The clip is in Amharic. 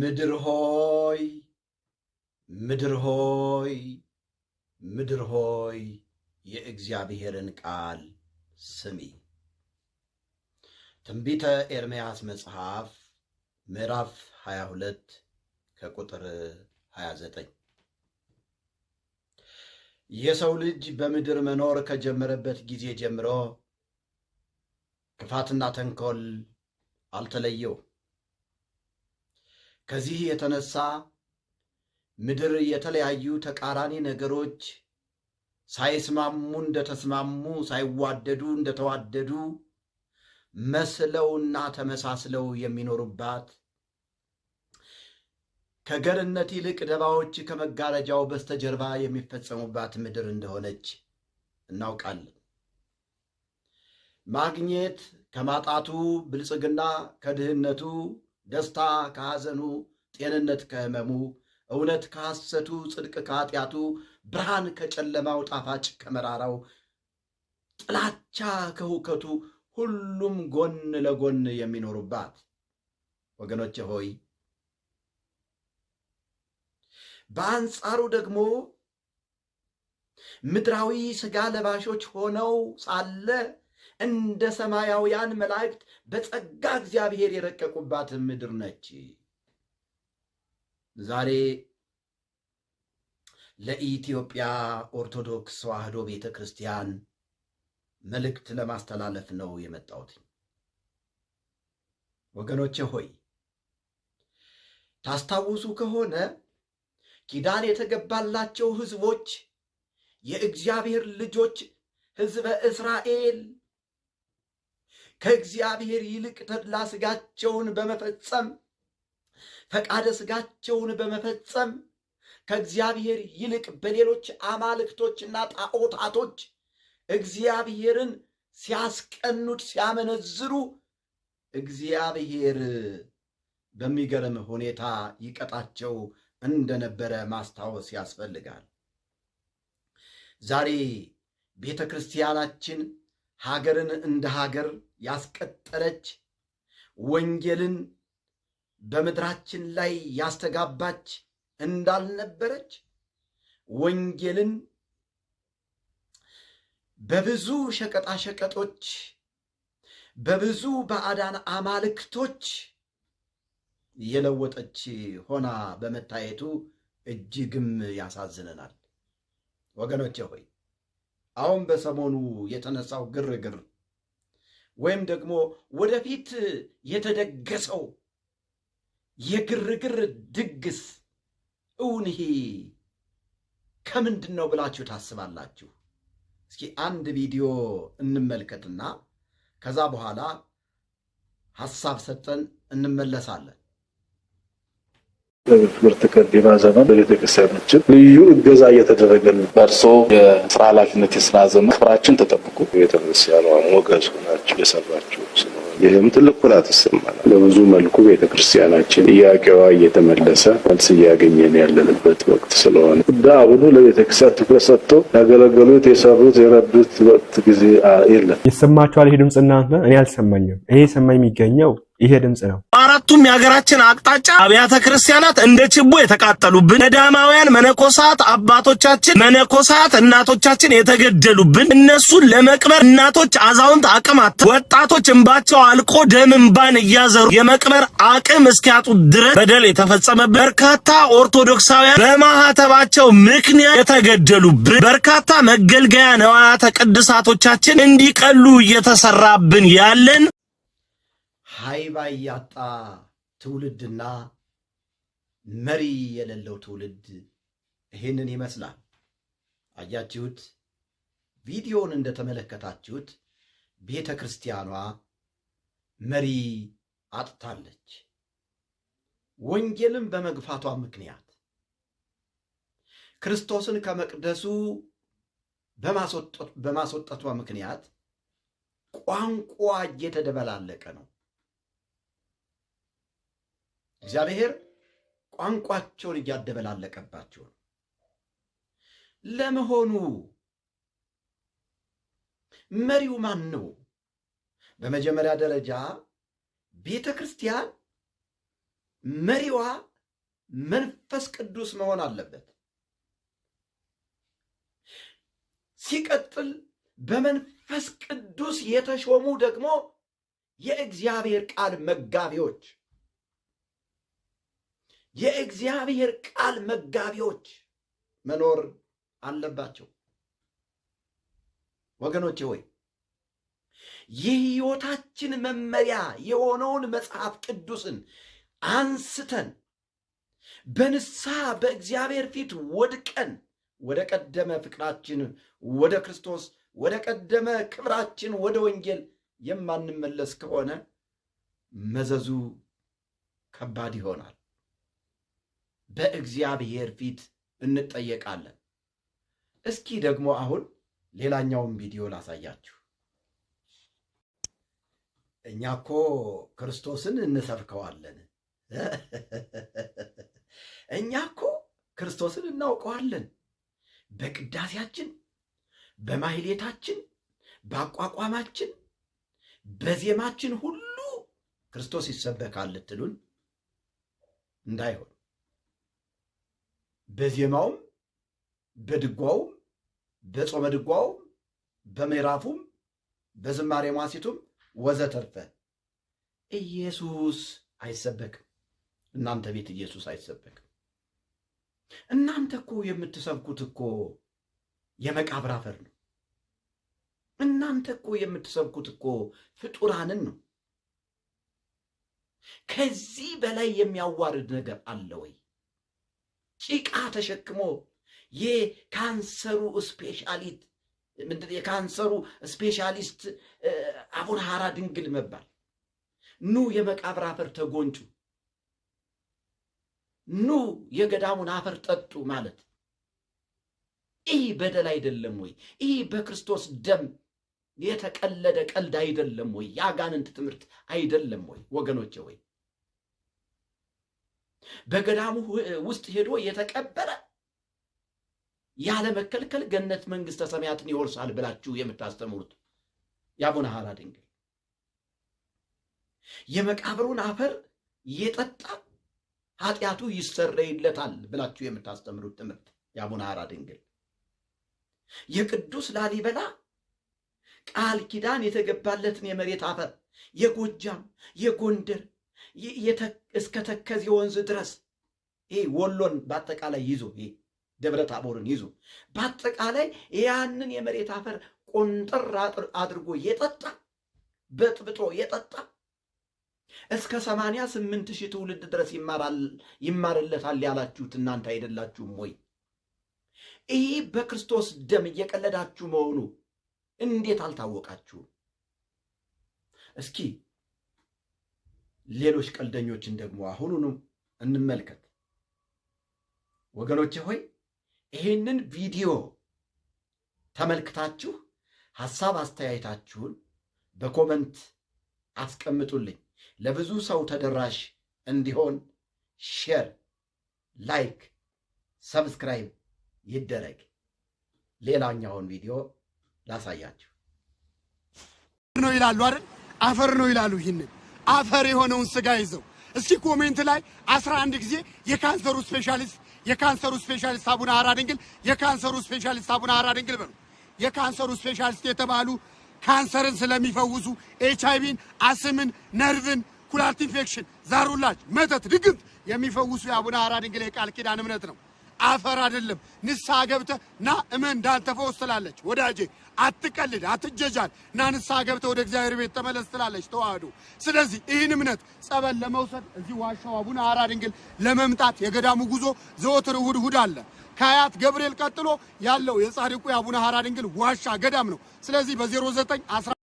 ምድር ሆይ ምድር ሆይ ምድር ሆይ የእግዚአብሔርን ቃል ስሚ። ትንቢተ ኤርምያስ መጽሐፍ ምዕራፍ 22 ከቁጥር 29 የሰው ልጅ በምድር መኖር ከጀመረበት ጊዜ ጀምሮ ክፋትና ተንኮል አልተለየው። ከዚህ የተነሳ ምድር የተለያዩ ተቃራኒ ነገሮች ሳይስማሙ እንደተስማሙ፣ ሳይዋደዱ እንደተዋደዱ መስለውና ተመሳስለው የሚኖሩባት ከገርነት ይልቅ ደባዎች ከመጋረጃው በስተጀርባ የሚፈጸሙባት ምድር እንደሆነች እናውቃለን። ማግኘት ከማጣቱ፣ ብልጽግና ከድህነቱ ደስታ ከሐዘኑ፣ ጤንነት ከህመሙ እውነት ከሐሰቱ፣ ጽድቅ ከኃጢአቱ፣ ብርሃን ከጨለማው፣ ጣፋጭ ከመራራው፣ ጥላቻ ከሁከቱ ሁሉም ጎን ለጎን የሚኖሩባት ወገኖቼ ሆይ በአንጻሩ ደግሞ ምድራዊ ሥጋ ለባሾች ሆነው ሳለ እንደ ሰማያውያን መላእክት በጸጋ እግዚአብሔር የረቀቁባት ምድር ነች። ዛሬ ለኢትዮጵያ ኦርቶዶክስ ተዋህዶ ቤተ ክርስቲያን መልእክት ለማስተላለፍ ነው የመጣሁት። ወገኖቼ ሆይ ታስታውሱ ከሆነ ኪዳን የተገባላቸው ሕዝቦች የእግዚአብሔር ልጆች ሕዝበ እስራኤል ከእግዚአብሔር ይልቅ ተድላ ስጋቸውን በመፈጸም ፈቃደ ስጋቸውን በመፈጸም ከእግዚአብሔር ይልቅ በሌሎች አማልክቶችና ጣዖታቶች እግዚአብሔርን ሲያስቀኑት ሲያመነዝሩ እግዚአብሔር በሚገርም ሁኔታ ይቀጣቸው እንደነበረ ማስታወስ ያስፈልጋል። ዛሬ ቤተ ክርስቲያናችን ሀገርን እንደ ሀገር ያስቀጠለች ወንጌልን በምድራችን ላይ ያስተጋባች እንዳልነበረች ወንጌልን በብዙ ሸቀጣሸቀጦች በብዙ ባዕዳን አማልክቶች የለወጠች ሆና በመታየቱ እጅግም ያሳዝነናል ወገኖቼ ሆይ አሁን በሰሞኑ የተነሳው ግርግር ወይም ደግሞ ወደፊት የተደገሰው የግርግር ድግስ እውን ይሄ ከምንድን ነው ብላችሁ ታስባላችሁ? እስኪ አንድ ቪዲዮ እንመልከትና ከዛ በኋላ ሐሳብ ሰጠን እንመለሳለን። ክብርት ከንቲባ ዘመን በቤተክርስቲያናችን ልዩ እገዛ እየተደረገ በእርሶ የስራ ኃላፊነት የስራ ዘመን ክብራችን ተጠብቆ ቤተክርስቲያኗ ሞገስ ሆናችሁ የሰራችሁ ይህም ትልቅ ኩራት ይሰማናል። በብዙ መልኩ ቤተክርስቲያናችን ጥያቄዋ እየተመለሰ መልስ እያገኘን ያለንበት ወቅት ስለሆነ እንደ አሁኑ ለቤተክርስቲያን ትኩረት ሰጥቶ ያገለገሉት፣ የሰሩት፣ የረዱት ወቅት ጊዜ የለም። ይሰማችኋል? ይሄ ድምፅ እናንተ እኔ አልሰማኝም። ይሄ ሰማኝ የሚገኘው ይሄ ድምጽ ነው። አራቱም የሀገራችን አቅጣጫ አብያተ ክርስቲያናት እንደ ችቦ የተቃጠሉብን፣ ገዳማውያን መነኮሳት አባቶቻችን መነኮሳት እናቶቻችን የተገደሉብን፣ እነሱን ለመቅበር እናቶች፣ አዛውንት አቅም አጥተው ወጣቶች እንባቸው አልቆ ደም እንባን እያዘሩ የመቅበር አቅም እስኪያጡ ድረስ በደል የተፈጸመብን፣ በርካታ ኦርቶዶክሳውያን በማህተባቸው ምክንያት የተገደሉብን፣ በርካታ መገልገያ ንዋያተ ቅድሳቶቻችን እንዲቀሉ እየተሰራብን ያለን ሀይባ ያጣ ትውልድና መሪ የሌለው ትውልድ ይህንን ይመስላል። አያችሁት? ቪዲዮውን እንደተመለከታችሁት ቤተ ክርስቲያኗ መሪ አጥታለች። ወንጌልን በመግፋቷ ምክንያት ክርስቶስን ከመቅደሱ በማስወጠቷ ምክንያት ቋንቋ እየተደበላለቀ ነው። እግዚአብሔር ቋንቋቸውን እያደበላለቀባቸው ነው። ለመሆኑ መሪው ማን ነው? በመጀመሪያ ደረጃ ቤተ ክርስቲያን መሪዋ መንፈስ ቅዱስ መሆን አለበት። ሲቀጥል በመንፈስ ቅዱስ የተሾሙ ደግሞ የእግዚአብሔር ቃል መጋቢዎች የእግዚአብሔር ቃል መጋቢዎች መኖር አለባቸው። ወገኖቼ ሆይ የህይወታችን መመሪያ የሆነውን መጽሐፍ ቅዱስን አንስተን በንስሐ በእግዚአብሔር ፊት ወድቀን ወደ ቀደመ ፍቅራችን ወደ ክርስቶስ ወደ ቀደመ ክብራችን ወደ ወንጌል የማንመለስ ከሆነ መዘዙ ከባድ ይሆናል። በእግዚአብሔር ፊት እንጠየቃለን። እስኪ ደግሞ አሁን ሌላኛውን ቪዲዮ ላሳያችሁ። እኛ እኮ ክርስቶስን እንሰብከዋለን። እኛ እኮ ክርስቶስን እናውቀዋለን። በቅዳሴያችን፣ በማህሌታችን፣ በአቋቋማችን፣ በዜማችን ሁሉ ክርስቶስ ይሰበካል ልትሉን እንዳይሆን በዜማውም በድጓውም በጾመ ድጓውም በምዕራፉም በዝማሬ ሟሲቱም ወዘተርፈ ኢየሱስ አይሰበክም። እናንተ ቤት ኢየሱስ አይሰበክም። እናንተ እኮ የምትሰብኩት እኮ የመቃብር አፈር ነው። እናንተ እኮ የምትሰብኩት እኮ ፍጡራንን ነው። ከዚህ በላይ የሚያዋርድ ነገር አለ ወይ? ጭቃ ተሸክሞ የካንሰሩ ስፔሻሊት ምንድን የካንሰሩ ስፔሻሊስት አቡነ ሐራ ድንግል መባል ኑ የመቃብር አፈር ተጎንጩ፣ ኑ የገዳሙን አፈር ጠጡ ማለት ይህ በደል አይደለም ወይ? ይህ በክርስቶስ ደም የተቀለደ ቀልድ አይደለም ወይ? የአጋንንት ትምህርት አይደለም ወይ? ወገኖቼ ወይ በገዳሙ ውስጥ ሄዶ የተቀበረ ያለ መከልከል ገነት መንግሥተ ሰማያትን ይወርሳል ብላችሁ የምታስተምሩት የአቡነ ሐራ ድንግል የመቃብሩን አፈር የጠጣ ኃጢአቱ ይሰረይለታል ብላችሁ የምታስተምሩት ትምህርት የአቡነ ሐራ ድንግል የቅዱስ ላሊበላ ቃል ኪዳን የተገባለትን የመሬት አፈር የጎጃም፣ የጎንደር፣ እስከ ተከዜ ወንዝ ድረስ ይህ ወሎን በአጠቃላይ ይዞ ይህ ደብረ ታቦርን ይዞ በአጠቃላይ ያንን የመሬት አፈር ቆንጠር አድርጎ የጠጣ በጥብጦ የጠጣ እስከ ሰማንያ ስምንት ሺህ ትውልድ ድረስ ይማርለታል ያላችሁት እናንተ አይደላችሁም ወይ? ይህ በክርስቶስ ደም እየቀለዳችሁ መሆኑ እንዴት አልታወቃችሁም? እስኪ ሌሎች ቀልደኞችን ደግሞ አሁኑኑ እንመልከት። ወገኖቼ ሆይ ይህንን ቪዲዮ ተመልክታችሁ ሐሳብ አስተያየታችሁን በኮመንት አስቀምጡልኝ። ለብዙ ሰው ተደራሽ እንዲሆን ሼር፣ ላይክ፣ ሰብስክራይብ ይደረግ። ሌላኛውን ቪዲዮ ላሳያችሁ ነው ይላሉ አይደል? አፈር ነው ይላሉ ይህንን አፈር የሆነውን ስጋ ይዘው እስኪ ኮሜንት ላይ አስራ አንድ ጊዜ የካንሰሩ ስፔሻሊስት የካንሰሩ ስፔሻሊስት አቡነ ሀራ ድንግል የካንሰሩ ስፔሻሊስት አቡነ ሀራ ድንግል በሉ። የካንሰሩ ስፔሻሊስት የተባሉ ካንሰርን ስለሚፈውሱ ኤች አይቪን፣ አስምን፣ ነርቭን፣ ኩላሊት ኢንፌክሽን፣ ዛሩላጅ፣ መተት፣ ድግምት የሚፈውሱ የአቡነ ሀራ ድንግል የቃል ኪዳን እምነት ነው። አፈር አይደለም። ንስሐ ገብተህ ና እመን እንዳልተፈወስ ትላለች። ወዳጄ አትቀልድ፣ አትጀጃል። ና ንስሐ ገብተህ ወደ እግዚአብሔር ቤት ተመለስ ትላለች ተዋህዶ። ስለዚህ ይህን እምነት ጸበል ለመውሰድ እዚህ ዋሻው አቡነ ሐራ ድንግል ለመምጣት የገዳሙ ጉዞ ዘወትር እሑድ እሑድ አለ። ከአያት ገብርኤል ቀጥሎ ያለው የጻድቁ የአቡነ ሐራ ድንግል ዋሻ ገዳም ነው። ስለዚህ በ09